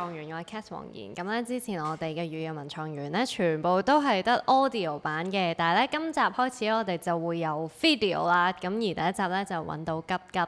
創園，我係 Cath 黃妍。咁咧，之前我哋嘅語音文創園咧，全部都係得 audio 版嘅。但係咧，今集開始我哋就會有 video 啦。咁而第一集咧，就揾到急急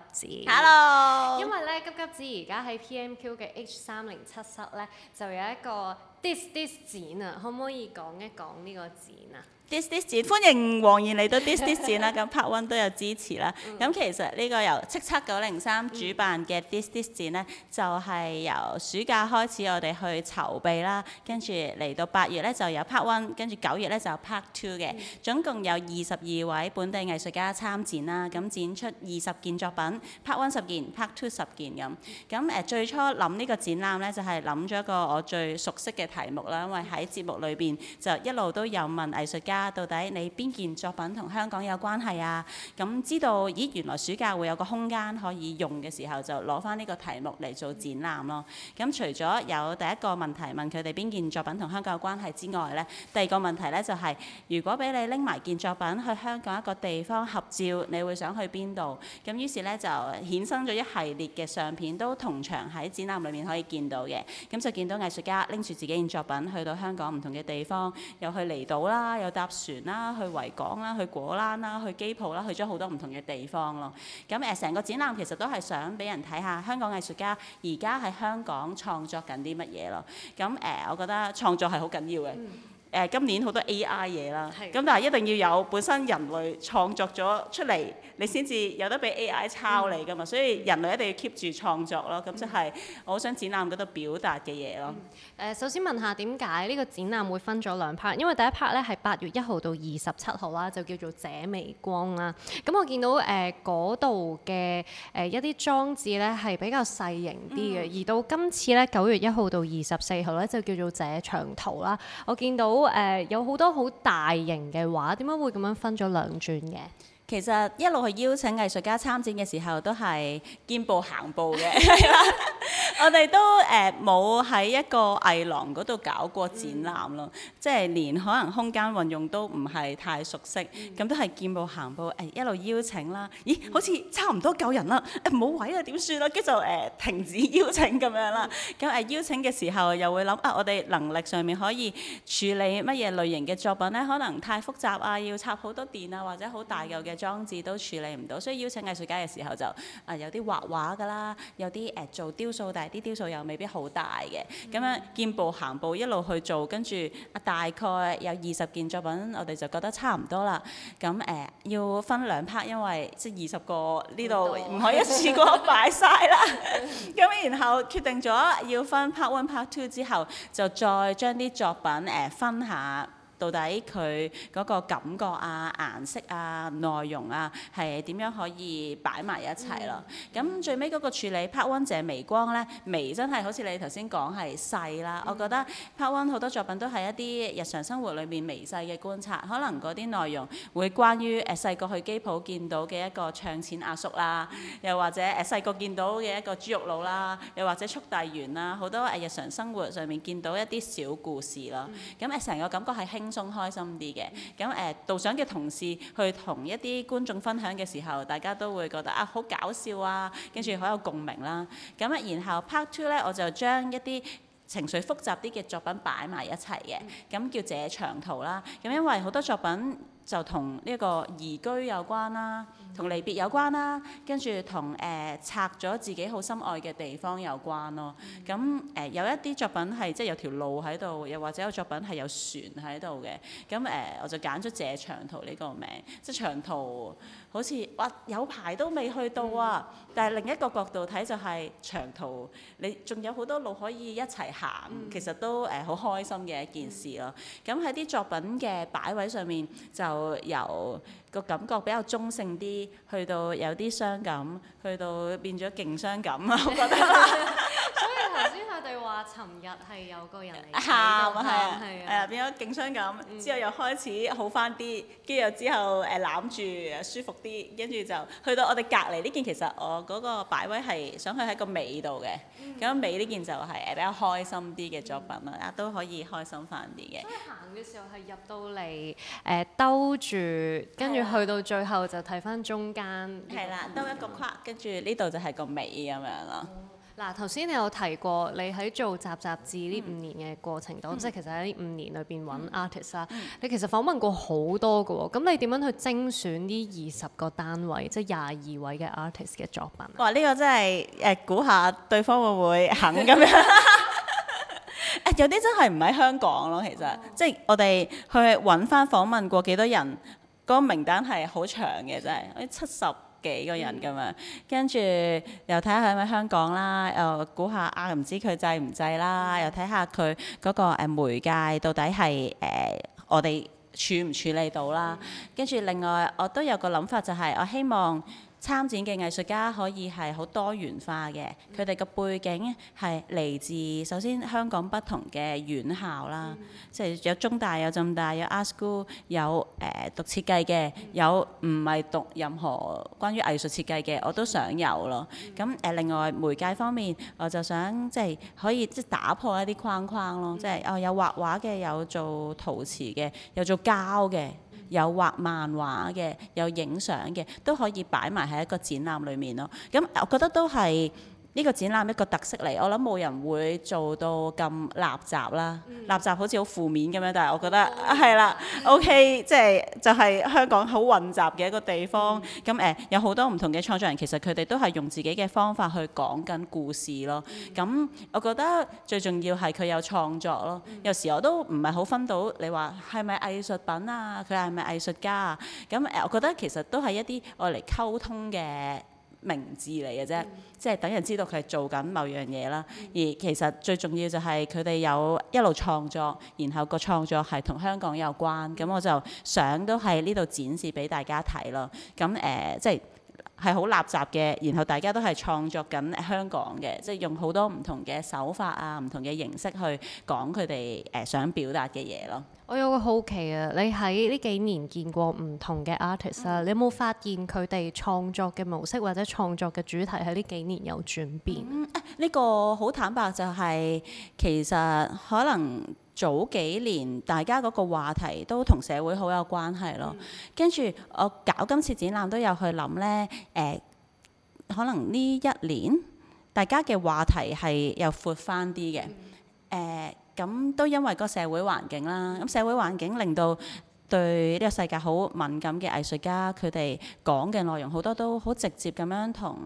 子。Hello。因為咧，急急子而家喺 PMQ 嘅 H 三零七室咧，就有一個 This This 展啊。可唔可以講一講呢個展啊？This This 展歡迎黃然嚟到 This This 展啦，咁 Part One 都有支持啦。咁 其實呢個由叱咤九零三主辦嘅 This、mm. This 展呢，就係、是、由暑假開始我哋去籌備啦，跟住嚟到八月, 1，月、mm. 呢，就有 Part One，跟住九月呢，就有 Part Two 嘅，總共有二十二位本地藝術家參展啦，咁展出二十件作品，Part One 十件，Part Two 十件咁。咁誒最初諗呢個展覽呢，就係諗咗一個我最熟悉嘅題目啦，因為喺節目裏邊就一路都有問藝術家。啊！到底你邊件作品同香港有關係啊？咁知道咦？原來暑假會有個空間可以用嘅時候，就攞返呢個題目嚟做展覽咯。咁除咗有第一個問題問佢哋邊件作品同香港有關係之外呢，第二個問題呢，就係、是、如果俾你拎埋件作品去香港一個地方合照，你會想去邊度？咁於是呢，就衍生咗一系列嘅相片，都同場喺展覽裏面可以見到嘅。咁就見到藝術家拎住自己件作品去到香港唔同嘅地方，又去離島啦，搭船啦，去維港啦，去果欄啦，去機鋪啦，去咗好多唔同嘅地方咯。咁誒，成、呃、個展覽其實都係想俾人睇下香港藝術家而家喺香港創作緊啲乜嘢咯。咁誒、呃，我覺得創作係好緊要嘅。嗯誒、呃、今年好多 AI 嘢啦，咁的但係一定要有本身人類創作咗出嚟，你先至有得俾 AI 抄你㗎嘛，嗯、所以人類一定要 keep 住創作咯。咁即係我好想展覽嗰度表達嘅嘢咯。首先問下點解呢個展覽會分咗兩 part？因為第一 part 咧係八月一號到二十七號啦，就叫做這微光啦。咁我見到誒嗰度嘅誒一啲裝置咧係比較細型啲嘅，嗯、而到今次咧九月一號到二十四號咧就叫做這長途啦。我見到，誒有好多好大型嘅畫，點解會咁樣分咗兩轉嘅？其實一路去邀請藝術家參展嘅時候，都係見步行步嘅，係啦。我哋都誒冇喺一個藝廊嗰度搞過展覽咯，即係連可能空間運用都唔係太熟悉，咁、嗯、都係見步行步誒、哎、一路邀請啦。咦，好似差唔多夠人啦，誒、哎、冇位啊點算啦？跟住誒停止邀請咁樣啦。咁誒、嗯嗯嗯嗯嗯、邀請嘅時候又會諗啊，我哋能力上面可以處理乜嘢類型嘅作品咧？可能太複雜啊，要插好多電啊，或者好大嚿嘅裝置都處理唔到，所以邀請藝術家嘅時候就啊、呃呃、有啲畫畫㗎啦，有啲誒做雕塑大。啲雕塑又未必好大嘅，咁樣見步行步一路去做，跟住大概有二十件作品，我哋就覺得差唔多啦。咁誒、呃、要分兩 part，因為即係二十個呢度唔可以一次過擺晒啦。咁 然後決定咗要分 part one part two 之後，就再將啲作品誒、呃、分下。到底佢個感覺啊、顏色啊、內容啊，係點樣可以擺埋一齊咯？咁、嗯、最尾嗰個處理 Pen So 微光咧，微真係好似你頭先講係細啦。嗯、我覺得 Pen So 好多作品都係一啲日常生活裏面微細嘅觀察，可能嗰啲內容會關於誒細個去機鋪見到嘅一個唱錢阿叔啦，又或者誒細個見到嘅一個豬肉佬啦，又或者速遞員啦，好多誒、啊、日常生活上面見到一啲小故事咯。咁誒成個感覺係輕鬆開心啲嘅，咁誒、呃、導賞嘅同事去同一啲觀眾分享嘅時候，大家都會覺得啊好搞笑啊，跟住好有共鳴啦。咁啊，然後 part two 咧，我就將一啲情緒複雜啲嘅作品擺埋一齊嘅，咁、嗯、叫這長途啦。咁因為好多作品。就同呢個移居有關啦、啊，同離別有關啦、啊，跟住同誒拆咗自己好心愛嘅地方有關咯。咁誒、嗯呃、有一啲作品係即係有條路喺度，又或者有作品係有船喺度嘅。咁誒、呃、我就揀咗這長途呢個名，即係長途好，好似哇有排都未去到啊！嗯、但係另一個角度睇就係、是、長途，你仲有好多路可以一齊行，其實都誒好、呃、開心嘅一件事咯。咁喺啲作品嘅擺位上面就。由個感覺比較中性啲，去到有啲傷感，去到變咗勁傷感啊，我覺得。 佢哋話：尋日係有個人嚟喊啊，係啊，誒變咗勁傷感。嗯、之後又開始好翻啲，跟住又之後誒攬、呃、住舒服啲，跟住就去到我哋隔離呢件。其實我嗰個擺位係想去喺個尾度嘅，咁、嗯、尾呢件就係誒比較開心啲嘅作品啦，啊都、嗯、可以開心翻啲嘅。行嘅時候係入到嚟誒兜住，跟、呃、住去到最後就睇翻中間。係啦，兜一個框，跟住呢度就係個尾咁樣咯。嗯。嗱，頭先你有提過你喺做雜雜誌呢五年嘅過程當中，嗯、即係其實喺呢五年裏邊揾 artist 啦。嗯、你其實訪問過好多嘅喎，咁你點樣去精選呢二十個單位，即係廿二位嘅 artist 嘅作品？哇！呢、呢個真係誒估下對方會唔會肯咁樣？ 有啲真係唔喺香港咯，其實、哦、即係我哋去揾翻訪問過幾多人，嗰、嗰個名單係好長嘅，真係七十幾個人咁樣，跟住又睇下喺唔喺香港啦，又估下啊唔知佢制唔制啦，又睇下佢嗰個媒介到底係誒、呃、我哋處唔處理到啦，跟住另外我都有個諗法就係我希望。參展嘅藝術家可以係好多元化嘅，佢哋嘅背景係嚟自首先香港不同嘅院校啦，即係、嗯、有中大有浸大有 Art School 有誒、呃、讀設計嘅，嗯、有唔係讀任何關於藝術設計嘅，我都想有咯。咁誒、嗯呃、另外媒介方面，我就想即係、就是、可以即係、就是、打破一啲框框咯，即係哦有畫畫嘅，有做陶瓷嘅，有做膠嘅。有畫漫畫嘅，有影相嘅，都可以擺埋喺一個展覽裏面咯。咁，嗯，我覺得都係，呢個展覽一個特色嚟，我諗冇人會做到咁立雜啦。立雜、嗯、好似好負面咁樣，但係我覺得係啦哇、啊，OK，即係就係香港好混雜嘅一個地方。咁誒、嗯嗯，有好多唔同嘅創作人，其實佢哋都係用自己嘅方法去講緊故事咯。咁、嗯、我覺得最重要係佢有創作咯。嗯、有時我都唔係好分到你話係咪藝術品啊，佢係咪藝術家啊？咁誒，我覺得其實都係一啲用嚟溝通嘅。名字嚟嘅啫，嗯、即係等人知道佢係做緊某樣嘢啦。嗯、而其實最重要就係佢哋有一路創作，然後個創作係同香港有關。咁我就想都喺呢度展示俾大家睇咯。咁誒、呃，即係。係好垃圾嘅，然後大家都係創作緊香港嘅，即係用好多唔同嘅手法啊、唔同嘅形式去講佢哋誒想表達嘅嘢咯。我有個好奇啊，你喺呢幾年見過唔同嘅 artist 啊，你有冇發現佢哋創作嘅模式或者創作嘅主題喺呢幾年有轉變？呢、嗯呢個好坦白就係、係、其實可能。早幾年大家嗰個話題都同社會好有關係咯，跟住、嗯、我搞今次展覽都有去諗呢，誒、呃、可能呢一年大家嘅話題係又闊翻啲嘅，誒咁、嗯呃、都因為個社會環境啦，咁社會環境令到。對呢個世界好敏感嘅藝術家，佢哋講嘅內容好多都好直接咁樣同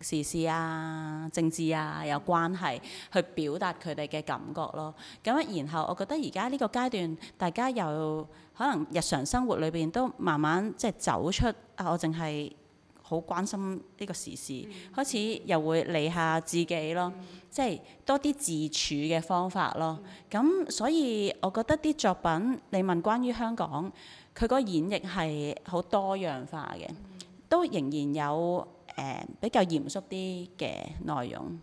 時事啊、政治啊有關係，去表達佢哋嘅感覺咯。咁然後我覺得而家呢個階段，大家又可能日常生活裏邊都慢慢即係走出啊，我淨係。好關心呢個時事，嗯、開始又會理下自己咯，嗯、即係多啲自處嘅方法咯。咁、嗯、所以我覺得啲作品，你問關於香港，佢個演繹係好多樣化嘅，嗯、都仍然有誒、呃、比較嚴肅啲嘅內容，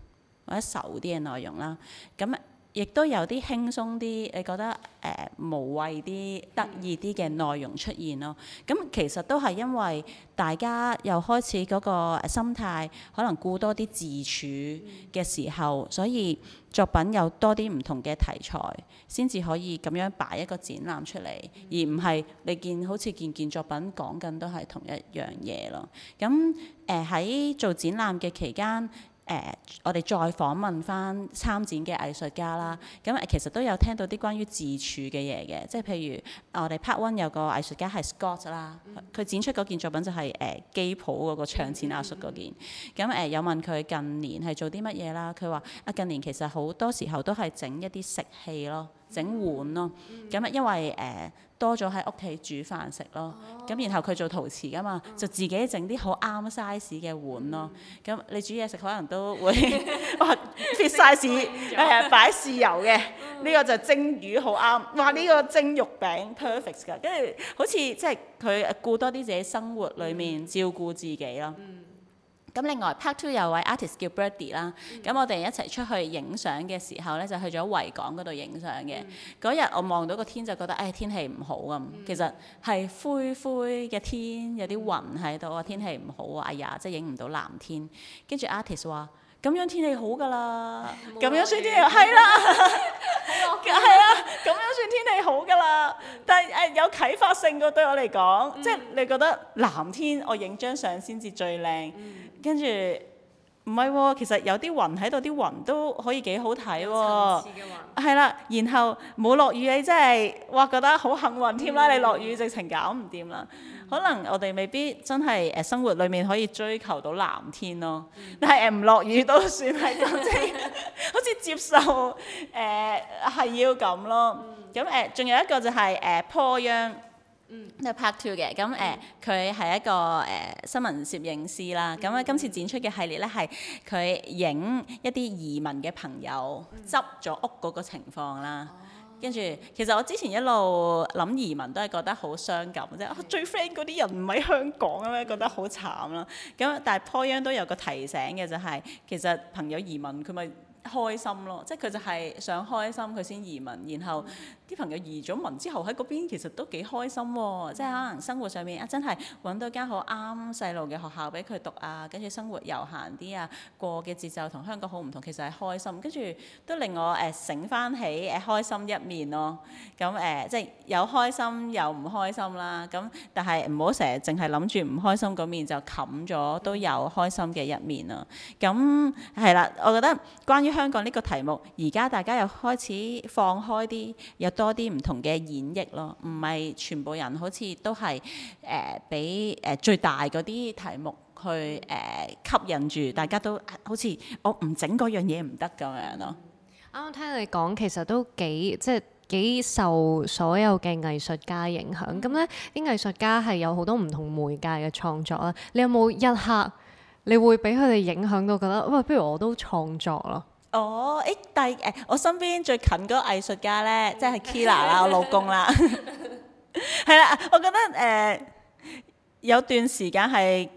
或者愁啲嘅內容啦。咁。亦都有啲輕鬆啲，你覺得誒、呃、無謂啲得意啲嘅內容出現咯。咁、嗯、其實都係因為大家又開始嗰個心態，可能顧多啲自處嘅時候，所以作品有多啲唔同嘅題材，先至可以咁樣擺一個展覽出嚟，而唔係你見好似件件作品講緊都係同一樣嘢咯。咁誒喺做展覽嘅期間。誒、呃，我哋再訪問翻參展嘅藝術家啦，咁其實都有聽到啲關於自處嘅嘢嘅，即係譬如我哋 part one 有個藝術家係 Scott 啦，佢展出嗰件作品就係誒機鋪嗰個唱錢阿叔嗰件，咁誒、呃、有問佢近年係做啲乜嘢啦，佢話啊近年其實好多時候都係整一啲食器咯。整碗咯，咁啊因為誒、呃、多咗喺屋企煮飯食咯，咁、啊、然後佢做陶瓷噶嘛，啊、就自己整啲好啱 size 嘅碗咯。咁、嗯嗯、你煮嘢食可能都會 哇 fit size 誒擺豉油嘅，呢、這個就蒸魚好啱，哇呢、這個蒸肉餅 perfect 㗎，跟住好似即係佢顧多啲自己生活裏面、嗯、照顧自己咯。嗯咁另外 Part Two 有位 artist 叫 Birdy 啦、嗯，咁我哋一齊出去影相嘅時候咧，就去咗維港嗰度影相嘅。嗰日，嗯、我望到個天就覺得、哎，誒天氣唔好啊！嗯、其實係灰灰嘅天，有啲雲喺度啊，天氣唔好啊！哎呀，即係影唔到藍天。跟住 artist 話：咁樣天氣好㗎啦，咁、嗯、樣算天氣係啦，係 啊，咁樣算天氣好㗎啦。 有啟發性嘅對我嚟講，嗯、即係你覺得藍天我影張相先至最靚，跟住唔係喎，其實有啲雲喺度，啲雲都可以幾好睇喎、哦，係啦，然後冇落雨你真係哇覺得好幸運添啦，嗯、你落雨直情搞唔掂啦。嗯嗯嗯可能我哋未必真係誒生活裏面可以追求到藍天咯，嗯、但係誒唔落雨都算係講真， 好似接受誒係、呃、要咁咯。咁誒仲有一個就係誒 Paul Yeung，都係 part two 嘅。咁誒佢係一個誒、呃、新聞攝影師啦。咁啊、嗯嗯、今次展出嘅系列咧係佢影一啲移民嘅朋友執咗屋嗰個情況啦。嗯。跟住，其實我之前一路諗移民都係覺得好傷感啫，即係啊，最 friend 嗰啲人唔喺香港咁樣，覺得好慘啦。咁但係 Po Yang 都有個提醒嘅就係、係，其實朋友移民佢咪開心咯，即係佢就係想開心，佢先移民。然後啲、嗯、朋友移咗民之後喺嗰邊，邊其實都幾開心、嗯、即係可能生活上面啊，真係揾到間好啱細路嘅學校俾佢讀啊，跟住生活悠閒啲啊，過嘅節奏同香港好唔同，其實係開心。跟住都令我誒、呃、醒翻起誒開心一面咯。咁、嗯、誒、呃、即係有開心又唔開心啦。咁、嗯、但係唔好成日淨係諗住唔開心嗰面就冚咗，都有開心嘅一面啊。咁、嗯、係啦，我覺得關於。香港呢個題目，而家大家又開始放開啲，有多啲唔同嘅演繹咯，唔係全部人好似都係誒俾誒最大嗰啲題目去誒、呃、吸引住，大家都好似我唔整嗰樣嘢唔得咁樣咯。啱啱聽你講，其實都幾即係幾受所有嘅藝術家影響咁咧。啲、嗯、藝術家係有好多唔同媒介嘅創作啦。你有冇一刻你會俾佢哋影響到，覺得喂，不如我都創作咯？哦，誒、oh，欸，但係誒、呃，我身邊最近嗰個藝術家咧，即係 Kila 啦，我老公啦，係啦， 我覺得誒、呃、有段時間係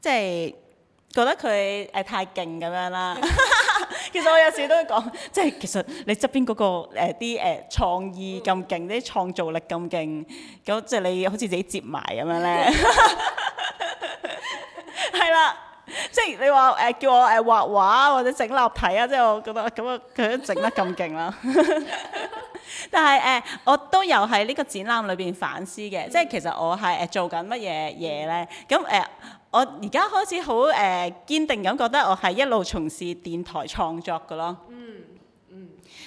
即係覺得佢誒、呃、太勁咁樣啦。 其實我有時都會講， 即係其實你側邊嗰、那個啲誒、呃、創意咁勁，啲創造力咁勁，咁即係你好似自己接埋咁樣咧。係 啦。 即係你話誒、呃、叫我誒、呃、畫畫或者整立體啊！即係我覺得咁啊，佢都整得咁勁啦。 但係誒、呃，我都有喺呢個展覽裏邊反思嘅，嗯、即係其實我係誒做緊乜嘢嘢咧？咁誒、呃，我而家開始好誒、呃、堅定咁覺得我係一路從事電台創作㗎咯。嗯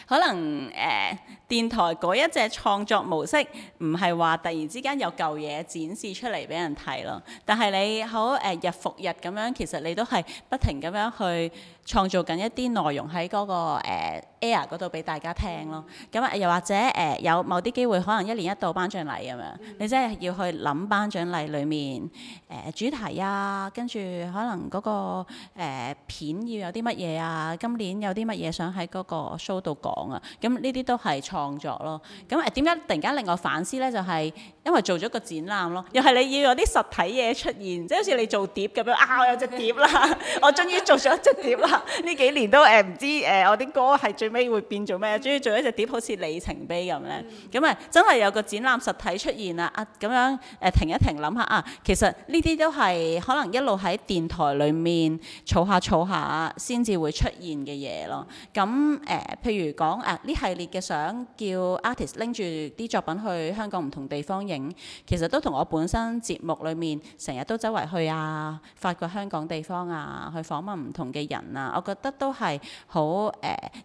可能誒、呃、電台嗰一隻創作模式唔係話突然之間有舊嘢展示出嚟俾人睇咯，但係你好誒、呃、日復日咁樣，其實你都係不停咁樣去。創造緊一啲內容喺嗰個誒 Air 嗰度俾大家聽咯，咁啊又或者誒有某啲機會可能一年一度頒獎禮咁樣，你真係要去諗頒獎禮裏面誒主題啊，跟住可能嗰個誒片要有啲乜嘢啊，今年有啲乜嘢想喺嗰個 Show 度講啊，咁呢啲都係創作咯。咁誒點解突然間令我反思咧？就係因為做咗個展覽咯，又係你要有啲實體嘢出現，即係好似你做碟咁樣啊，我有隻碟啦， 我終於做咗一隻碟啦。 呢 幾年都誒唔、呃、知誒、呃，我啲歌係最尾會變做咩？終於做一隻碟好似《里程碑》咁咧，咁啊真係有個展覽實體出現啦！啊，咁樣誒、呃、停一停想想，諗下啊，其實呢啲都係可能一路喺電台裡面儲下儲下，先至會出現嘅嘢咯。咁、啊、誒，譬、呃、如講誒呢系列嘅相，叫 artist 拎住啲作品去香港唔同地方影，其實都同我本身節目裡面成日都周圍去啊，發掘香港地方啊，去訪問唔同嘅人啊。我覺得都係好誒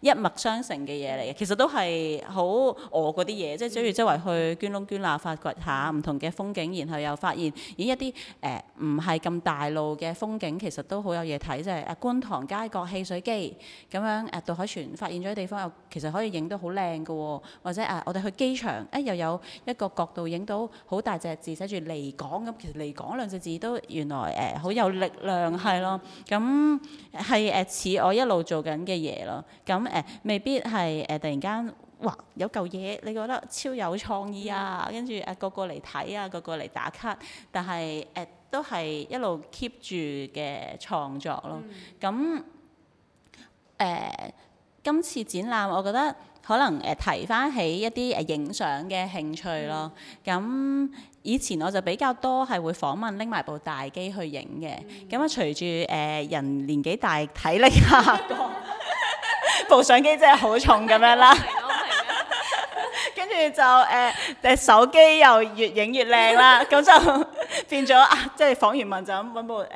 一脈相承嘅嘢嚟，嘅。其實都係好我嗰啲嘢，即係追住周圍去捐窿捐罅發掘下唔同嘅風景，然後又發現影一啲誒唔係咁大路嘅風景，其實都好有嘢睇。即係誒觀塘街角汽水機咁樣誒、啊、杜海銓發現咗啲地方，又其實可以影到好靚嘅喎。或者誒、啊，我哋去機場，哎、啊、又有一個角度影到好大隻字，寫住離港咁，其實離港兩隻字都原來誒好、呃、有力量係咯。咁係誒。似我一路做緊嘅嘢咯，咁誒、呃、未必係誒、呃、突然間，哇有嚿嘢你覺得超有創意啊，嗯、跟住誒、呃、個個嚟睇啊，個個嚟打卡，但係誒、呃、都係一路 keep 住嘅創作咯，咁誒、嗯。今次展覽，我覺得可能誒提翻起一啲誒影相嘅興趣咯。咁、嗯、以前我就比較多係會訪問拎埋部大機去影嘅。咁啊、嗯嗯，隨住誒、呃、人年紀大體力下降，部相機真係好重咁樣啦。跟住就誒誒、呃、手機又越影越靚啦，咁、嗯、就變咗啊～即係訪完問就咁揾部誒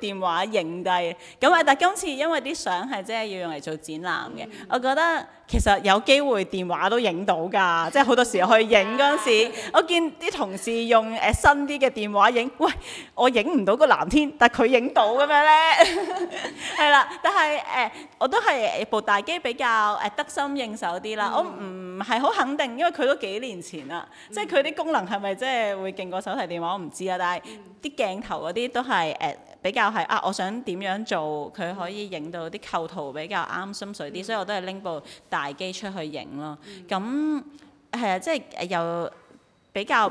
電話影低，咁啊！但今次因為啲相係即係要用嚟做展覽嘅，我覺得其實有機會電話都影到㗎，即係好多時候去影嗰陣時，我見啲同事用誒新啲嘅電話影，喂，我影唔到個藍天，但佢影到咁樣咧，係啦。但係誒，我都係部大機比較誒得心應手啲啦。我唔係好肯定，因為佢都幾年前啦，即係佢啲功能係咪即係會勁過手提電話，我唔知啊。但係啲鏡。鏡頭嗰啲都係誒、呃、比較係啊，我想點樣做佢可以影到啲構圖比較啱心水啲，mm hmm. 所以我都係拎部大機出去影咯。咁係啊，即係又比較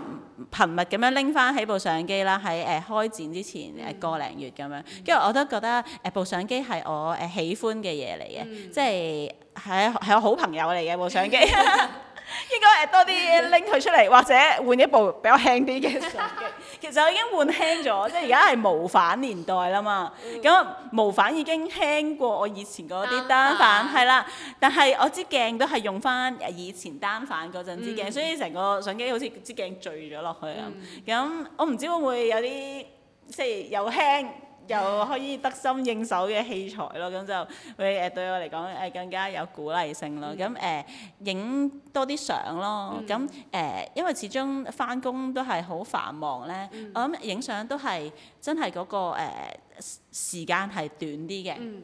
頻密咁樣拎翻起部相機啦。喺誒、呃、開展之前、呃、個零月咁樣，跟住、mm hmm. 我都覺得誒、呃、部相機係我誒喜歡嘅嘢嚟嘅，mm hmm. 即係係係我好朋友嚟嘅部相機， 應該誒多啲拎佢出嚟，或者換一部比較輕啲嘅相機。 其實我已經換輕咗， 即係而家係無反年代啦嘛。咁無、嗯、反已經輕過我以前嗰啲單反，係反啦。但係我支鏡都係用翻以前單反嗰陣支鏡，嗯、所以成個相機好似支鏡墜咗落去咁。咁、嗯、我唔知會唔會有啲即係又輕。又可以得心應手嘅器材咯，咁就誒、呃、對我嚟講誒更加有鼓勵性咯。咁誒影多啲相咯，咁誒、嗯嗯嗯、因為始終返工都係好繁忙咧，嗯、我諗影相都係真係嗰、嗰個誒、呃、時間係短啲嘅。嗯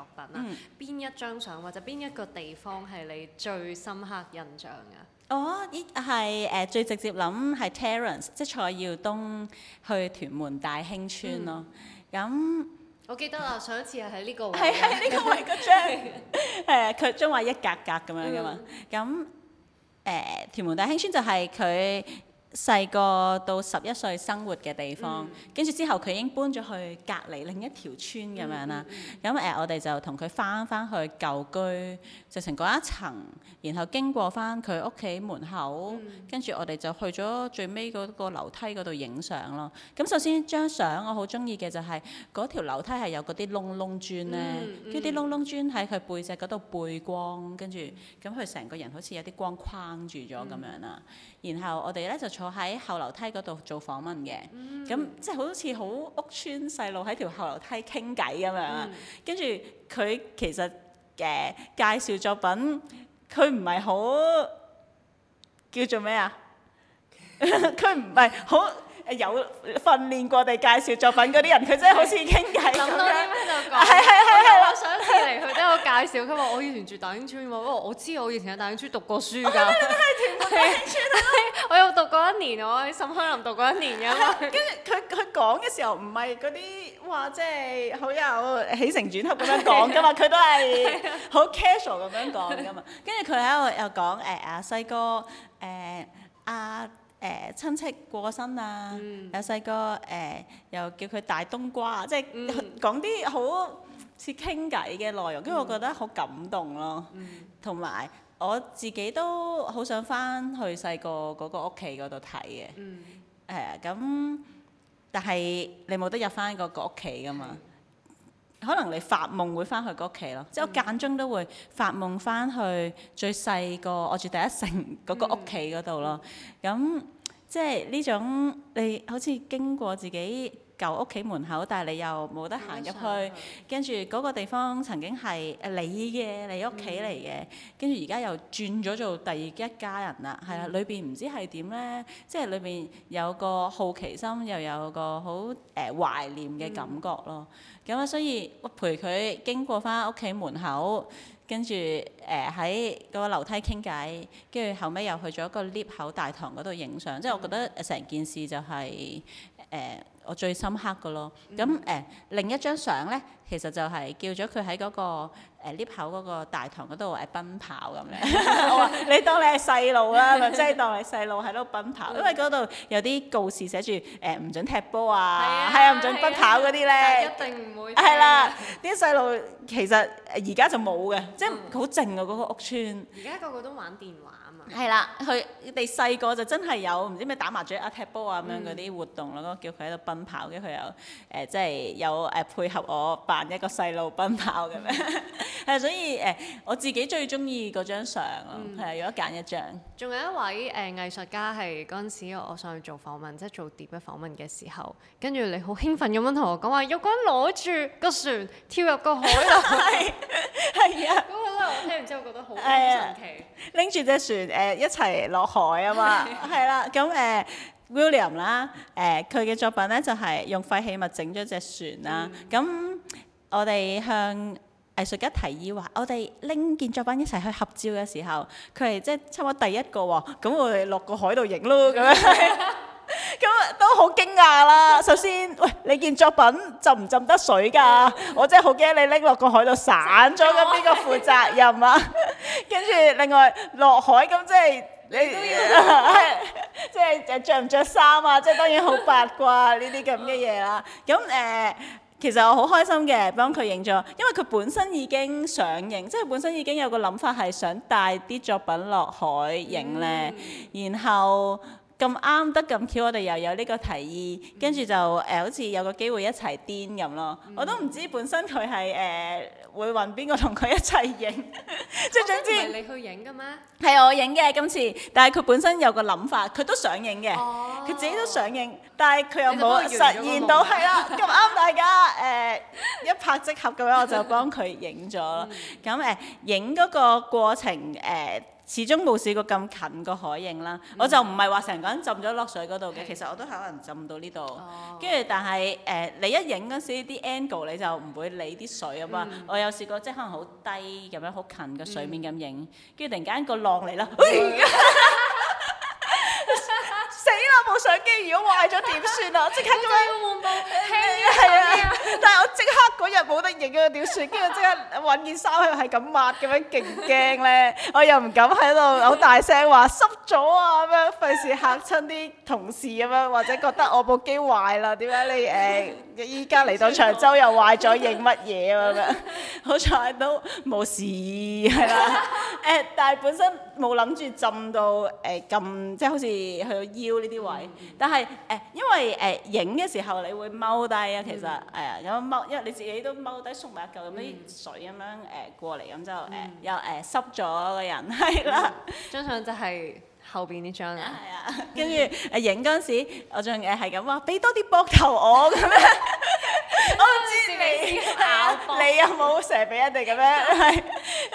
作品啦，邊、嗯、一張相或者邊一個地方係你最深刻印象噶？哦，依係誒最直接諗係 Terence，即蔡耀東去屯門大興村咯。咁、嗯、那我記得啦，上一次係喺呢個位，係喺呢個位嗰張 的。係啊的，佢將話一格格咁樣噶嘛。咁誒、嗯呃，屯門大興村就係佢。細個到十一歲生活嘅地方，跟住、嗯、之後佢已經搬咗去隔離另一條村咁樣啦。咁誒、嗯呃、我哋就同佢翻翻去舊居，直情嗰一層，然後經過翻佢屋企門口，跟住、嗯、我哋就去咗最尾嗰個樓梯嗰度影相咯。咁首先張相我好中意嘅就係條樓梯係有嗰啲窿窿磚咧，跟住啲窿窿磚喺佢背脊嗰度背光，跟住咁佢成個人好似有啲光框住咗咁樣啦。嗯嗯、然後我哋咧就～坐喺後樓梯嗰度做訪問嘅。咁、mm. 即係好似好屋村細路喺條後樓梯傾偈咁樣。跟住佢其實誒介紹作品，佢唔係好叫做咩啊？佢唔係好有訓練過地介紹作品嗰啲人，佢真係好似傾偈咁樣喺度講。係係係係啦，上次嚟佢都有介紹，佢話我以前住大英村喎，我知我以前喺大英村讀過書㗎。我覺得你係大英邨。係，我又讀過一年，我喺深香林讀過一年㗎嘛。跟住佢佢講嘅時候唔係嗰啲話，即係好有起承轉合咁樣講㗎嘛。佢都係好 casual 咁樣講㗎嘛。跟住佢喺度又講誒阿西哥誒阿。誒、呃、親戚過身啊，嗯、有細個誒又叫佢大冬瓜，即係講啲好似傾偈嘅內容，跟住、嗯、我覺得好感動咯。同埋、嗯、我自己都好想翻去細個嗰個屋企嗰度睇嘅。咁、嗯呃，但係你冇得入翻嗰個屋企噶嘛？嗯嗯可能你發夢會翻去屋企咯，嗯、即係我間中都會發夢翻去最細個我住第一城嗰個屋企嗰度咯，咁、嗯、即係呢種你好似經過自己舊屋企門口，但係你又冇得行入去，跟住嗰個地方曾經係誒你嘅，你屋企嚟嘅，跟住而家又轉咗做第二一家人啦，係啦、嗯，裏邊唔知係點咧，即係裏邊有個好奇心，又有個好、呃、懷念嘅感覺咯。咁啊、嗯，所以我陪佢經過返屋企門口，跟住誒喺嗰個樓梯傾偈，跟住後尾又去咗個 lift 口大堂嗰度影相，嗯、即係我覺得成件事就係、是、誒。呃我最深刻嘅咯，咁誒、呃、另一張相咧。其實就係叫咗佢喺嗰個誒 lift 口嗰個大堂嗰度誒奔跑咁樣， 我話你當你係細路啦，咪即係當你細路喺度奔跑，因為嗰度有啲告示寫住誒唔准踢波啊，係啊，唔准奔跑嗰啲咧，一定唔會係啦。啲細路其實而家就冇嘅，即係好靜啊嗰個屋村。而家個個都玩電話啊嘛。係啦，佢哋細個就真係有唔知咩打麻雀啊、踢波啊咁樣嗰啲活動咯，叫佢喺度奔跑，跟住佢又誒即係有誒配合我一個細路奔跑嘅咩？係 所以誒、欸，我自己最中意嗰張相咯。係啊、嗯，如果揀一張，仲有一位誒、呃、藝術家係嗰陣時，我上去做訪問，即係做碟嘅訪問嘅時候，跟住你好興奮咁樣同我講話，有個人攞住個船跳入個海度係 啊！咁啊、 嗯，我聽完之後覺得好神奇，拎住隻船誒一齊落海啊嘛，係、嗯、啦。咁誒 William 啦，誒佢嘅作品咧就係用廢棄物整咗隻船啦。咁我哋向藝術家提議話：我哋拎件作品一齊去合照嘅時候，佢係即係差唔多第一個喎。咁我哋落個海度影咯，咁樣咁 都好驚訝啦。首先，喂，你件作品浸唔浸得水㗎？我真係好驚你拎落了個海度散咗，邊個負責任啊？跟住 另外落海咁，即係、即係、你即係着唔着衫啊？即係當然好八卦呢啲咁嘅嘢啦。咁誒。其實我好開心嘅，幫佢影咗，因為佢本身已經想影，即係本身已經有個諗法係想帶啲作品落海影咧，嗯、然後。咁啱得咁巧，我哋又有呢個提議，跟住、嗯、就誒、呃、好似有個機會一齊癲咁咯。嗯、我都唔知本身佢係誒會搵邊個同佢一齊影，嗯、 即係總之唔係你去影噶咩？係我影嘅今次，但係佢本身有個諗法，佢都想影嘅，佢、哦、自己都想影，但係佢又冇實現到。係啦，咁 啱大家誒、呃、一拍即合嘅話，我就幫佢影咗咯。咁誒影嗰個過程誒。呃始終冇試過咁近個海影啦，嗯、我就唔係話成個人浸咗落水嗰度嘅，是其實我都可能浸到呢度，跟住、哦、但係誒、呃、你一影嗰時啲 angle 你就唔會理啲水啊嘛，嗯、我有試過即係可能好低咁樣好近個水面咁影，跟住、嗯、突然間個浪嚟啦！嗯 相機如果壞咗點算啊？即 刻咁樣換部機，係 啊！但係我即刻嗰日冇得影啊，點算？跟住即刻揾件衫喺度係咁抹，咁樣勁驚咧！我又唔敢喺度好大聲話濕咗啊！咁樣費事嚇親啲同事咁樣，或者覺得我部機壞啦？點解你誒依家嚟到長洲又壞咗影乜嘢咁樣？ 好彩都冇事，係啦。誒， 但係本身冇諗住浸到誒咁、呃呃，即係好似去到腰呢啲位。嗯但係誒，因為誒影嘅時候，你會踎低啊，其實誒咁踎，因為你自己都踎低，縮埋一嚿咁啲水咁樣誒過嚟，咁就誒、呃嗯、又誒、呃、濕咗個人，係 啦、嗯。張相就係後邊呢張啊，係啊。 跟住誒影嗰陣時我，我仲誒係咁話，俾多啲膊頭我咁樣。 嗯、 我唔知你你有冇成日俾人哋咁樣，係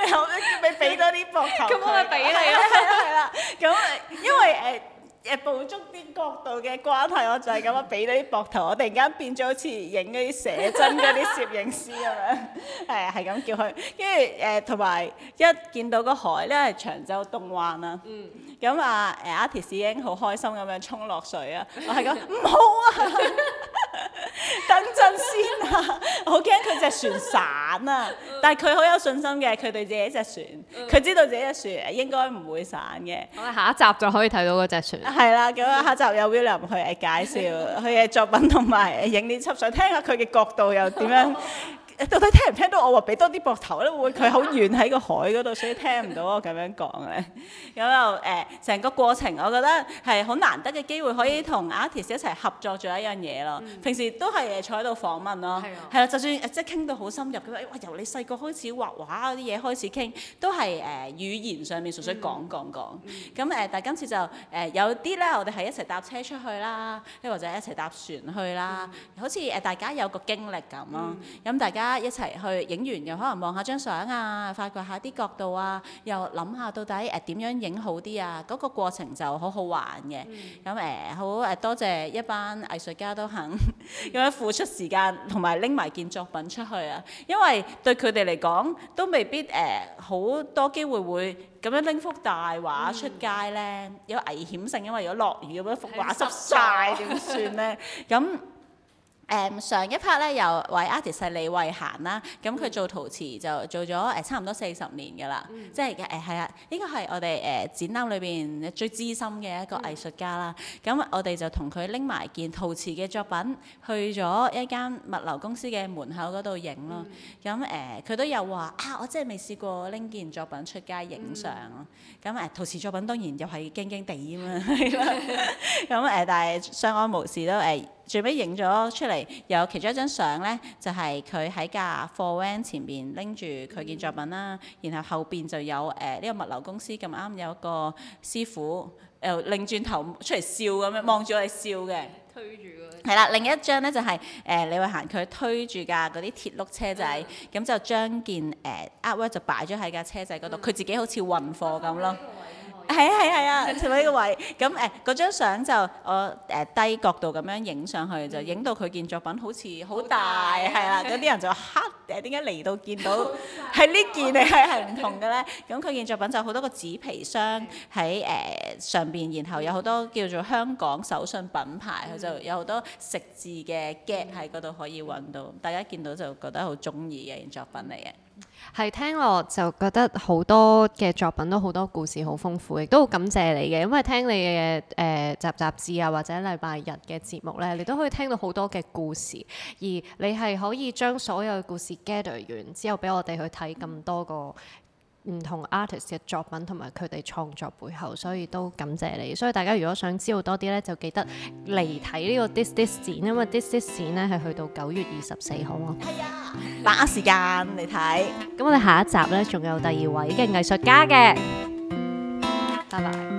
咁咪俾多啲膊頭咁我咪俾你咯，係啦。咁因為誒。呃誒捕捉啲角度嘅關係，我就係咁樣，俾啲膊頭，我突然間變咗好似影嗰啲寫真嗰啲攝影師咁樣，係啊，係咁叫佢。跟住誒同埋一見到個海咧係長洲東灣啊，咁啊誒阿 Tess 已經好開心咁樣衝落水啊，我係講唔好啊！ 等陣先啊！好驚佢隻船散啊！但係佢好有信心嘅，佢對自己隻船，佢知道自己隻船應該唔會散嘅。我哋下一集就可以睇到嗰隻船。係啦，咁啊，下一集有 William 去誒介紹佢嘅作品同埋影一輯相，聽下佢嘅角度又點樣。 到底聽唔聽到我話俾多啲膊頭咧？會佢好遠喺個海嗰度，所以聽唔到我咁樣講嘅。咁又誒，成、呃、個過程我覺得係好難得嘅機會，可以同 artist 一齊合作做一樣嘢咯。嗯、平時都係坐喺度訪問咯，係啊、嗯，係啊，嗯、就算即係傾到好深入，佢話喂由你細個開始畫畫嗰啲嘢開始傾，都係誒、呃、語言上面純粹講講講。咁誒、嗯嗯嗯，但係今次就誒、呃、有啲咧，我哋係一齊搭車出去啦，亦或者一齊搭船去啦。好似誒大家有個經歷咁咯。咁、嗯、大家、嗯。一齊去影完又可能望下張相啊，發掘下啲角度啊，又諗下到底誒點、呃、樣影好啲啊？嗰、那個過程就好好玩嘅。咁誒、嗯呃、好誒、呃，多謝一班藝術家都肯咁 樣、嗯、付出時間，同埋拎埋件作品出去啊。因為對佢哋嚟講，都未必誒好、呃、多機會會咁樣拎幅大畫出街咧，嗯、有危險性因為。如果落雨咁樣幅畫濕晒，點算咧？咁。 誒、um, 上一 part 咧，由 veteran artist 李慧嫻啦，咁佢做陶瓷就做咗誒、欸、差唔多四十年㗎啦，嗯、即係誒係啊，呢個係我哋誒、呃、展覽裏邊最資深嘅一個藝術家啦。咁、嗯、我哋就同佢拎埋件陶瓷嘅作品去咗一間物流公司嘅門口嗰度影咯。咁誒佢都有話啊，我真係未試過拎件作品出街影相咯。咁誒、嗯、陶瓷作品當然又係驚驚地吖嘛，咁 誒 但係相安無事都誒。嗯嗯嗯嗯嗯嗯最尾影咗出嚟，有其中一張相咧，就係佢喺架貨 van 前邊拎住佢件作品啦，然後後邊就有誒呢、呃這個物流公司咁啱有一個師傅又擰轉頭出嚟笑咁樣望住我哋笑嘅，推住佢。係啦，另一張咧就係誒李慧嫻佢推住架嗰啲鐵碌車仔，咁、嗯、就將件誒、呃、artwork 就擺咗喺架車仔嗰度，佢、嗯、自己好似運貨咁咯。係係係啊，前面呢個位。咁、嗯、誒，嗰張相就我誒、呃、低角度咁樣影上去就影到佢件作品好似好大係啦。咁啲大、啊、人就黑誒點解嚟到見到係呢件你係係唔同嘅咧？咁佢件作品就好多個紙皮箱喺誒、呃、上邊，然後有好多叫做香港手信品牌，佢、嗯、就有好多食字嘅 gag 喺嗰度可以揾到。大家見到就覺得好中意嘅件作品嚟嘅。嗯係聽落就覺得好多嘅作品都好多故事好豐富，亦都好感謝你嘅，因為聽你嘅誒雜雜誌啊或者禮拜日嘅節目咧，你都可以聽到好多嘅故事，而你係可以將所有嘅故事 gather 完之後，俾我哋去睇咁多個。唔同 artist 嘅作品同埋佢哋創作背後，所以都感謝你。所以大家如果想知道多啲呢，就記得嚟睇呢個 This This 展，因為 This This 展呢係去到九月二十四號咯。係啊、哎，把握時間嚟睇。咁我哋下一集呢，仲有第二位嘅藝術家嘅。拜拜。